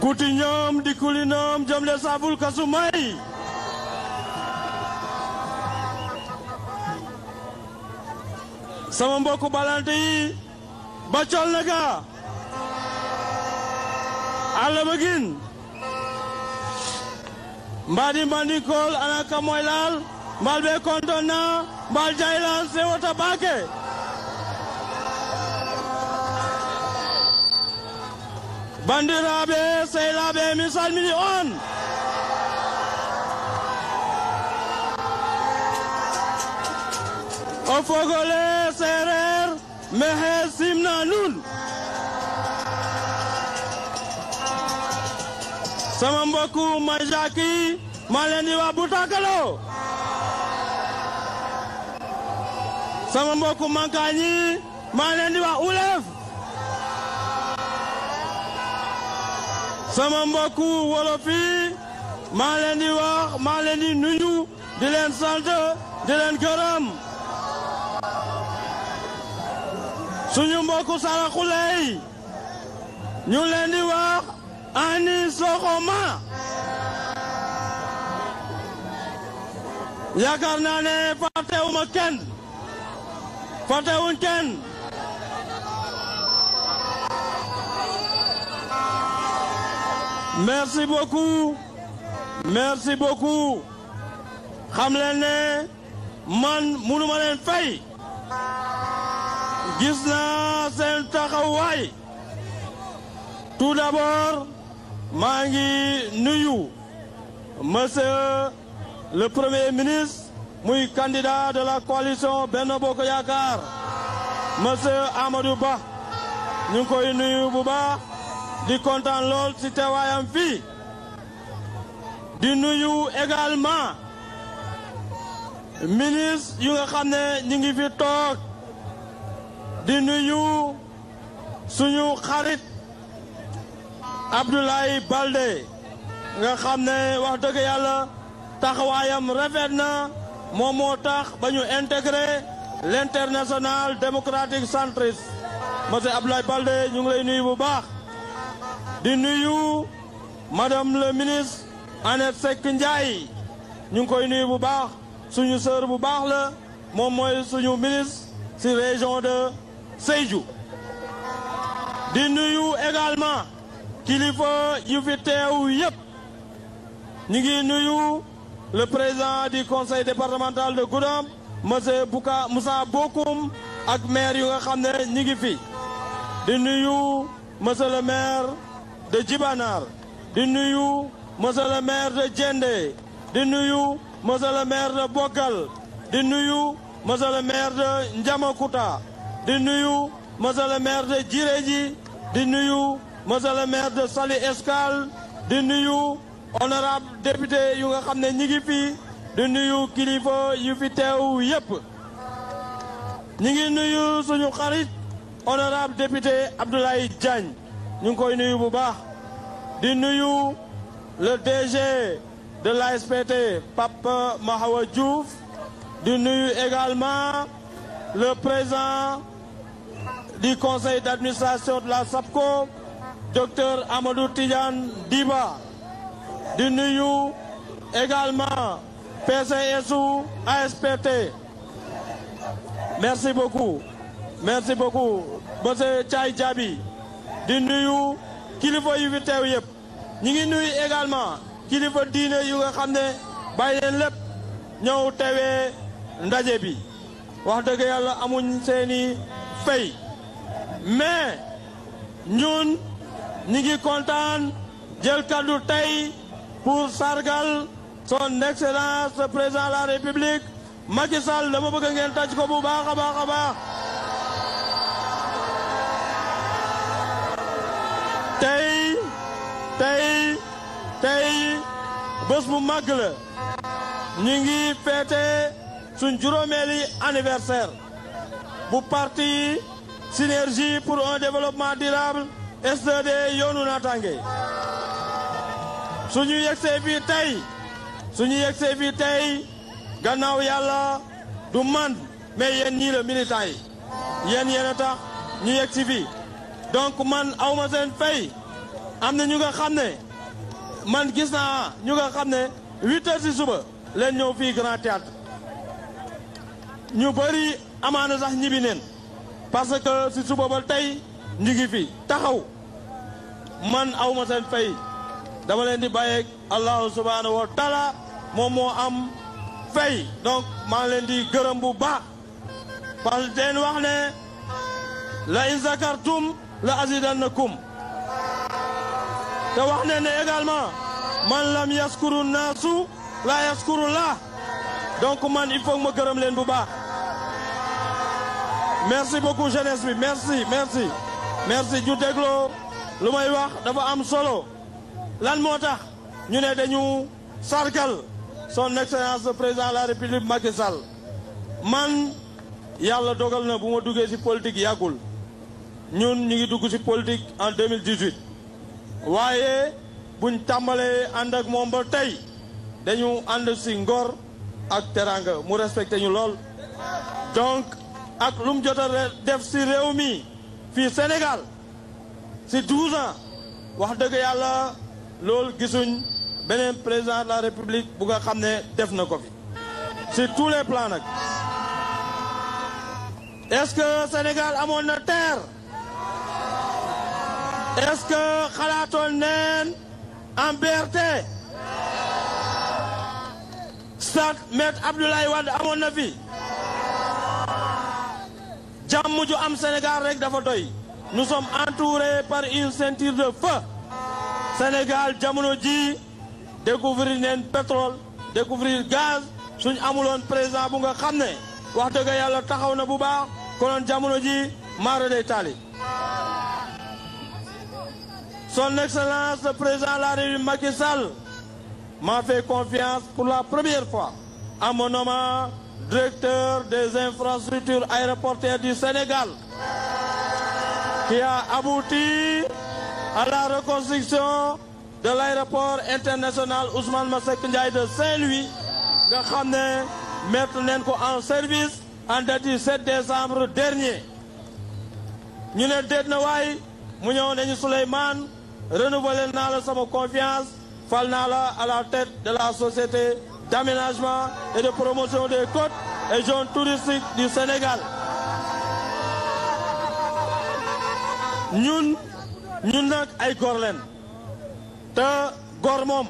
Kutinyam dikulinam jamle sabul kasumai. sama mbokku balante yi bacol na ga alla magin mbadi mbandikol ana kamoy laal mbal be konton na mbal sewota bake bandiraɓe sehlaɓe min salmini on o fogole sereer mehe simna nun sama mbokku majaki ma butakalo sama mbokku mankañi ulef sama mbokku wolof yi maa leen di wax maa leen di nuyu di leen sant di leen gërëm suñu mbokku saraxule yi ñu leen di wax ani soxoma yaakaar naa ne fàttewuma kenn fàttewuñ kenn merci beaucoup merci beaucoup xam leen ne man mënuma leen fay gis naa seen taxawaay tout d'abord maa ngi nuyu monsieur le premier ministre muy candidat de la coalition Benno Bokk Yaakaar monsieur Amadou Ba ñu koy nuyu bu baax di kontaan lool ci teewaayam fii di nuyu également ministre yu nga xam ne ñu ngi fi toog di nuyu suñu xarit Abdoulaye Baldé nga xam ne wax dëgg yàlla taxawaayam rafet na moom moo tax ba ñu intégré l' international démocratique centriste monsieur Abdoulaye Baldé ñu ngi lay nuyu bu baax. di nuyu madame le ministre Annette Seck Ndiaye ñu ngi koy nuyu bu baax suñu sœur bu baax la moom mooy suñu ministre ci région de Sédhiou di nuyu également kilifa yu fi teew yépp ñu ngi nuyu le président du conseil départemental de Goudomp monsieur Bouka Moussa Bokoum ak maire yu nga xam ne ñu ngi fi di nuyu monsieur le maire de Djibanaar di nuyu monsieur le de Diendé di nuyu monsieur le de Bogal di nuyu monsieur le maire de Ndiamakuta di nuyu monsieur le de Djiréji di nuyu monsieur le maire de Sali Escale di nuyu honorable député yu nga xam ne ñi ngi fi di nuyu kilifa yu fi teew yépp ñi ngi nuyu suñu xarit honorable député Abdoulaye Diagne ñu ngi koy nuyu bu baax di nuyu le DG de l'ASPT Pape Mahawa Diouf di nuyu également le président du conseil d'administration de la SAPCO docteur Amadou Tidiane Diba di nuyu également PCSU ASPT merci beaucoup merci beaucoup monsieur Thiaye Diaby di nuyu kilifa yu fi teew yëpp ñi ngi nuyu également kilifa diine yu nga xam ne bàyyi leen lépp ñëw tewee ndaje bi wax dëgg yàlla amuñ seeni fay mais ñun ñi ngi kontaan jël kaddu tey pour sargal son excellence le président de la république Macky Sall dama bëgg ngeen tàcc ko bu baax a baax a tey tey tey bés bu mag la ñu ngi feete suñ juróomeeli anniversaire bu parti synergie pour un développement durable SDD yoonu naataange suñu yegsee fii tey suñu yegsee fii tey gannaaw yàlla du man mais yéen ñii la militant yi yéen yéen tax ñu yegsi fii donc man awma seen fay am na ñu nga xam ne man gis naa ñu nga xam ne huit heures si suba leen ñëw fii Grand Théâtre ñu bëri amaana sax ñibbi neen parce que si suba ba tey ñu ngi fi taxaw man awma seen fay dama leen di bàyyeeg allahu subhanahu wa moom moo am fay donc maa leen di gërëm bu baax parce teen wax ne la in zakartum la azidannakum te wax ne ne également man lam yaskuru naasu la yaskuru la donc man il faut ma gërëm leen bu baax merci beaucoup jeunesse bi merci merci merci ju dégloo lu may wax dafa am solo lan moo tax ñu ne dañu sargal son excellence président la république Macky Sall man yàlla dogal na bu ma duggee ci politique yàggul ñun ñu ngi dugg ci politique en 2018 waaye buñ tàmbalee ànd ak moom ba tey dañu ànd ci ngor ak teraanga mu respecté ñu lool donc ak lum mu def ci réew mi fii Sénégal ci 12 ans wax dëgg yàlla loolu gisuñ beneen président de la république bu nga xam ne def na ko fi sur tous les plans nag est que Sénégal amoon na terre est que xalaatoon neen en BRT stade Maître Abdoulaye amoon na fi jàmm ju am Sénégal rek dafa doy nous som entourés par une ceinture de feu Sénégal jamono ji découvrir neen pétrole découvrir gaz suñ amuloon président bu nga xam ne wax dëgg yàlla taxaw na bu baax konoon jamono ji maara day taali Son Excellence le Président de la République Macky Sall m'a fait confiance pour la première fois en me directeur des infrastructures aéroportuaires du Sénégal, qui a abouti à la reconstruction de l'aéroport international Ousmane Masseck Ndiaye de Saint-Louis nga xam ne mettre nañ ko en service en date du 7 décembre dernier ñu ne déet na waay mu ñëw nañu Souleymane renouveler naa la sama confiance fal naa la à la tête de la société d'aménagement et de promotion des côtes et zones touristiques du Sénégal ñun ñun nag ay góor leen te góor moom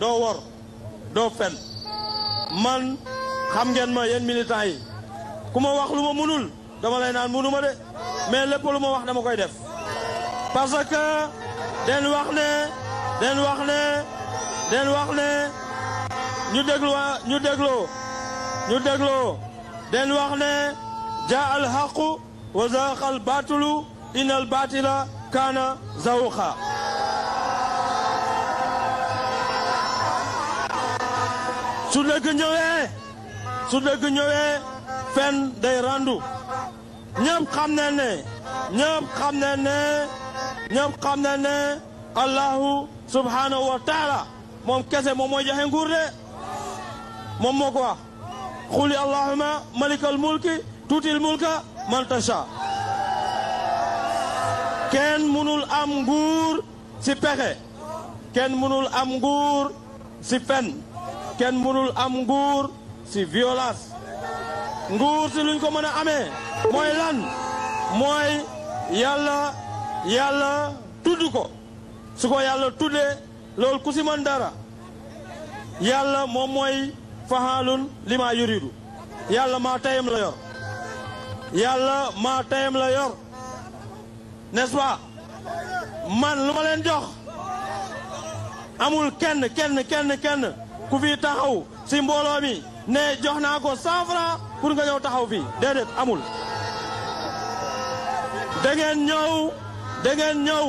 doo wor doo fen man xam ngeen ma yéen militants yi ku ma wax lu ma mënul dama lay naan mënuma de mais lépp lu ma wax dama koy def parce que den wax ne den wax ne den wax ne ñu déglu ñu dégloo ñu den wax ne jaa al xaqu wa zaqa al baatulu in al baatila kaana su dëgg ñëwee su dëgg ñëwee fen day randu ñëpp xam ne ne ñëpp xam ne ne ñoom xam na ne allahu subhanahu wa moom kese moom mooy joxe nguur de moom moo ko wax xuli allahuma malikal mulki tuutil mulka man tasha kenn mënul am nguur si pexe kenn mënul am nguur si fen kenn mënul am nguur si violence nguur si luñ ko mën a amee lan mooy yàlla yàlla tudd ko su ko yàlla tuddee lool ku si mën dara yàlla moom mooy faxaalun li maa yuridu yàlla ma tayam la yor yàlla ma tayam la yor n'est-ce man lu ma jox amul kenn kenn kenn kenn ku fi taxaw si mbooloo mi ne jox naa ko cent francs pour nga ñëw taxaw fii déedéet amul da ñëw da ngeen ñëw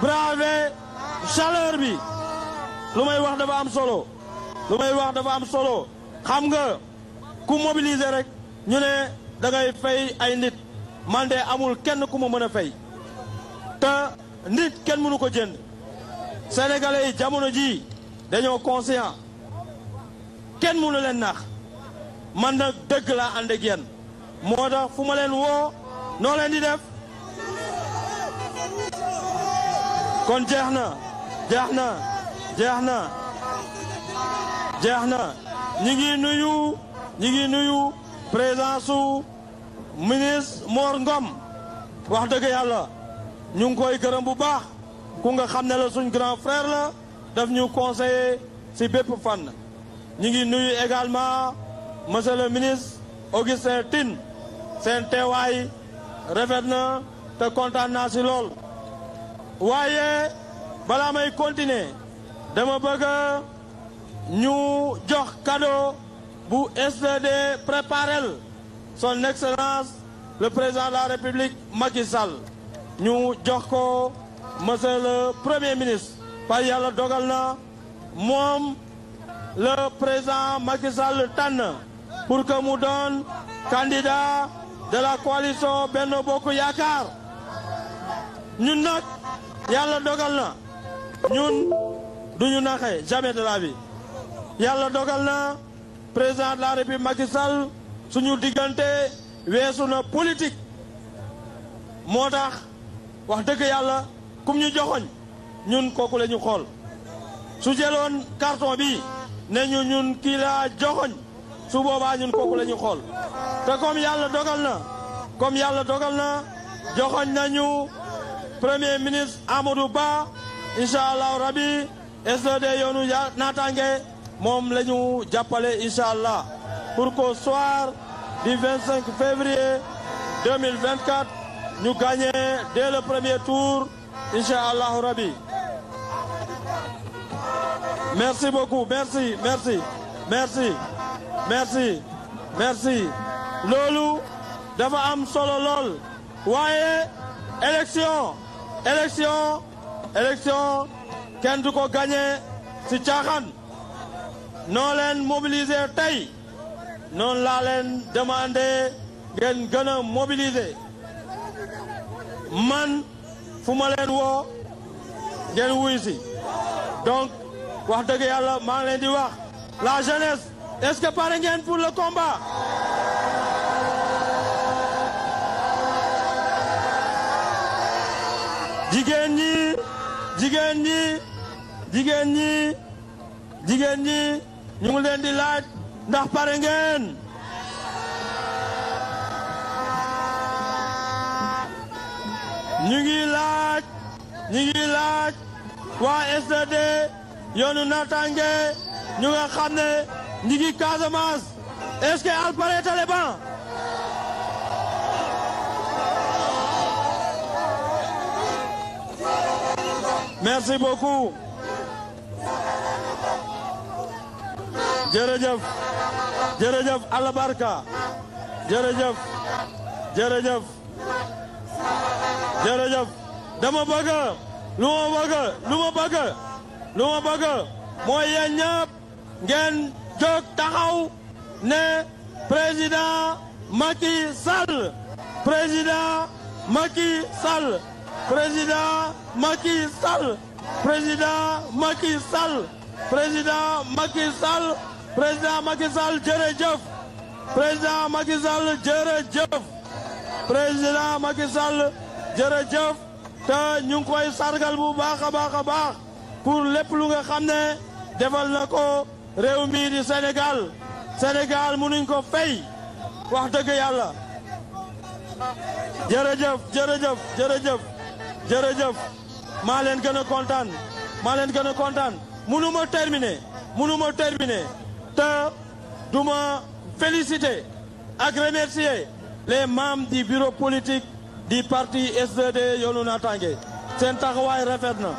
braver chaleur bi lu may wax dafa am solo lu may wax dafa am solo xam nga ku mobiliser rek ñu ne dangay ngay fay ay nit man de amul kenn ku ma mën a fay te nit kenn mënu ko jënd sénégalais yi jamono ji dañoo conscient kenn mënu leen nax man nag dëgg laa ànd ak yéen moo tax fu ma leen woo noo leen di def kon jeex na jeex na jeex na jeex na ñi ngi nuyu ñi ngi nuyu président su ministre moor Ngom wax dëgg yàlla ñu ngi koy gërëm bu baax ku nga xam ne la suñ grand frère la daf ñu conseiller ci bépp fànn ñi ngi nuyu également monsieur le ministre Augustin Tine seen teewaay rafet na te kontaan naa ci lool waaye balaa may continuer dama bëgg ñu jox cadeau bu SDD préparel son excellence le président de la république Macky Sall ñu jox ko monsieur le premier ministre par yàlla dogal na moom le président Macky Sall tànn pour que mu doon candidat de la coalition Benno Bokk Yaakaar ñun nag yàlla dogal na ñun duñu naxe jamais de la vie yàlla dogal na président de la république Macky Sall suñu diggante weesu na politique moo tax wax dëgg yàlla kum ñu joxoñ ñun kooku la xool su jëloon carton bi ne ñu ñun kii laa joxoñ su booba ñun kooku la ñu xool te kom yàlla dogal na comme yàlla dogal na joxoñ nañu premier ministre Amadou Ba incha allah rabi SDD yoonu naataange moom la ñu jàppale incha allah pour qu'au soir du 25 février 2024 ñu gagné dès le premier tour incha allah rabi. merci beaucoup merci merci merci merci merci loolu dafa am solo lool waaye élection. élection élection kenn du ko gagné ci caaxaan noo leen mobiliser tey noonu laa leen demandé ngeen gën a man fu ma leen woo ngeen wuy si donc wax dëgg yàlla maa leen di wax la jeunesse est-ce que pare ngeen pour le combat jigéen ñi jigéen ñi jigéen ñi jigéen ñi ñu ngi leen di laaj ndax pare ngeen ñu ngi laaj ñu ngi laaj waa SDD yoonu naataange ñu nga xam ne ñu ngi Casamance est que al Taliban merci beaucoup jërëjëf jërëjëf alabarka jërëjëf jërëjëf jërëjëf dama bëgg lu ma bëgg lu mooy yéen ngeen jóg taxaw ne président Macky Sall président Macky Sall président Macky Sall président Macky Sall Sall jërëjëf président Macky Sall jërëjëf président Macky jërëjëf te ñu sargal bu baax a baax a baax pour lépp lu nga xam ne defal na ko réew mii di Sénégal Sénégal mënuñ ko fay wax dëgg yàlla jërëjëf jërëjëf jërëjëf jërëjëf maa leen gën a kontaan maa leen gën a kontaan munu ma terminer munu te du ma féliciter ak remercier les membres du bureau politique di parti SDD Yoonu Naataange seen taxawaay rafet na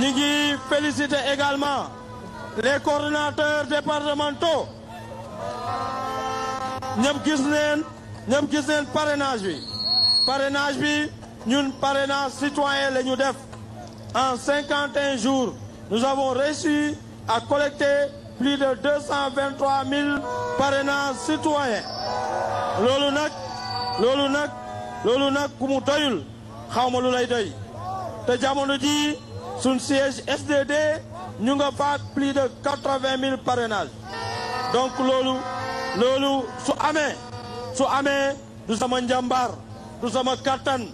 ñi ngi féliciter également les coordonnateurs départementaux ñëpp gis neen ñëpp gis neen parrainage bi ñun parrainage citoyen la ñu def en 51 jours nous avons réussi à collecter plus de 223 000 parrainages citoyens loolu nag loolu nag loolu nag ku mu doyul xaw lu lay doy te jamono ji suñ siège SDD ñu nga faat plus de 80 000 parrainages donc loolu loolu su amee su amee du sama njàmbaar du sama kattan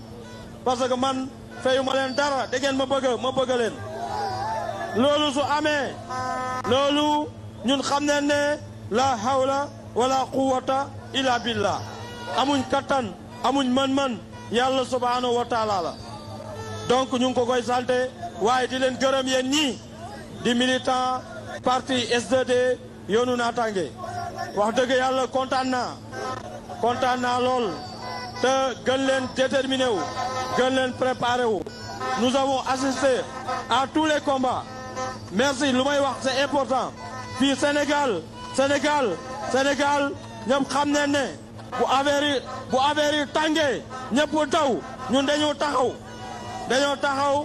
parce que man fayu leen dara da ngeen ma bëgg ma bëgg leen loolu su amee loolu ñun xam ne ne la hawla wala quwata illa billah amuñ katan amuñ man-man yàlla subhanahu wa la donc ñu ngi ko koy santé waaye di leen gërëm yéen ñii di militant parti S2D yoonu wax dëgg yàlla kontaan naa kontaan lool te gën leen déterminé wu gën leen préparé wu nous avons assisté à tous les combats merci lu may wax c'est important fii Sénégal Sénégal Sénégal ñoom xam ne ne bu affaire yi bu affaire yi tàngee ñëpp daw ñun dañoo taxaw dañoo taxaw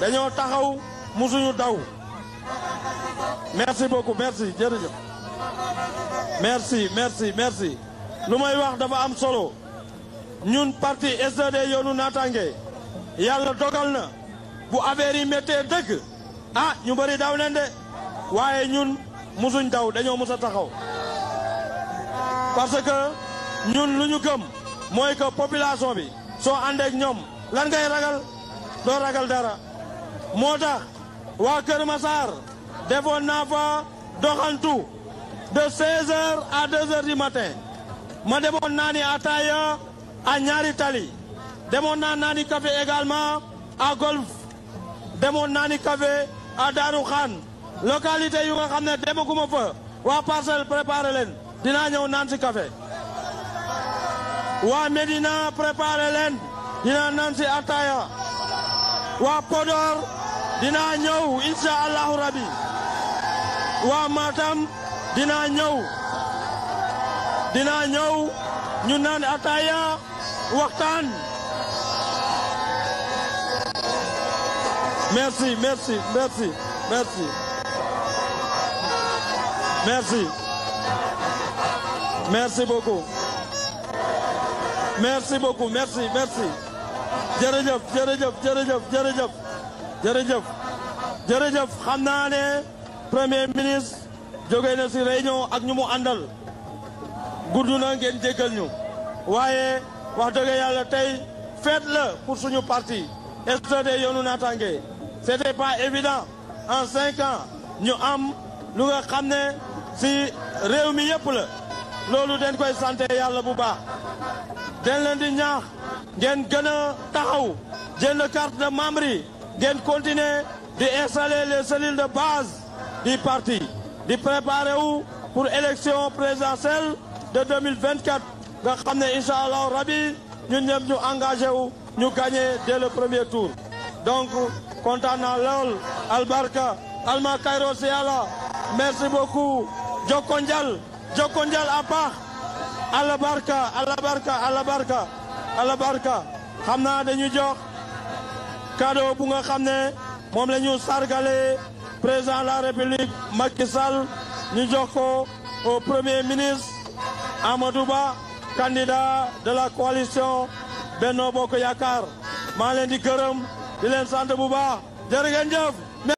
dañoo taxaw musuñu daw merci beaucoup merci jërëjëf merci merci merci lu may wax dafa am solo ñun parti SDD yoonu naataange yàlla dogal na bu affaire yi méttee dëgg ah ñu bëri daw leen de waaye ñun musuñ daw dañoo mus a taxaw parce que ñun lu ñu gëm mooy que population bi soo àndeek ñoom lan ngay ragal doo ragal dara moo tax waa Kër Massar defoon naa fa doxantu de 16 heures à 2 heures du matin ma demoon naa ni ataaya a ñaari tali demoon naa naani café également à golf demoon naani café à Darou Khan localité yu xam ne demaguma fa waa parcelle préparé leen dinaa ñëw naan si café waa Médina préparé leen dinaa naan si ataaya waa Podor dinaa ñëw insha allahu rabi waa Matam dinaa ñëw dinaa ñëw ñu naan ataaya waxtaan merci merci merci merci merci merci beaucoup merci beaucoup merci merci jërëjëf jërëjëf jërëjëf jërëjëf jërëjëf jërëjëf xam naa ne premier ministre jóge na ci réunion ak ñu mu àndal gudd na ngeen jéggal ñu waaye wax dëgg yàlla tey fête la pour suñu parti SDD yoonu naataange c'était pas évident en cinq ans ñu am lu nga xam ne si réew mi yëpp la loolu dañ koy santé yàlla bu baax dañ leen di ñaax ngeen gën a taxaw jënd carte de membre yi ngeen continuer di installer les cellules de base du parti di préparer wu pour élection présidentielle de 2024 nga xam ne incha allah rabi ñun ñëpp ñu engagé wu ñu gagné dès le premier tour. donc kontaan naa lool albarka alma kayro si yàlla merci beaucoup jokko njal jokko njal a paax alabarka alabarka xam naa dañu jox cadeau bu nga xam ne moom la ñu sargale président la république Macky ñu jox ko premier ministre Amadou candidat de la coalition Benno Bokk Yaakaar maa leen di gërëm di leen sant bu baax jërë ngeen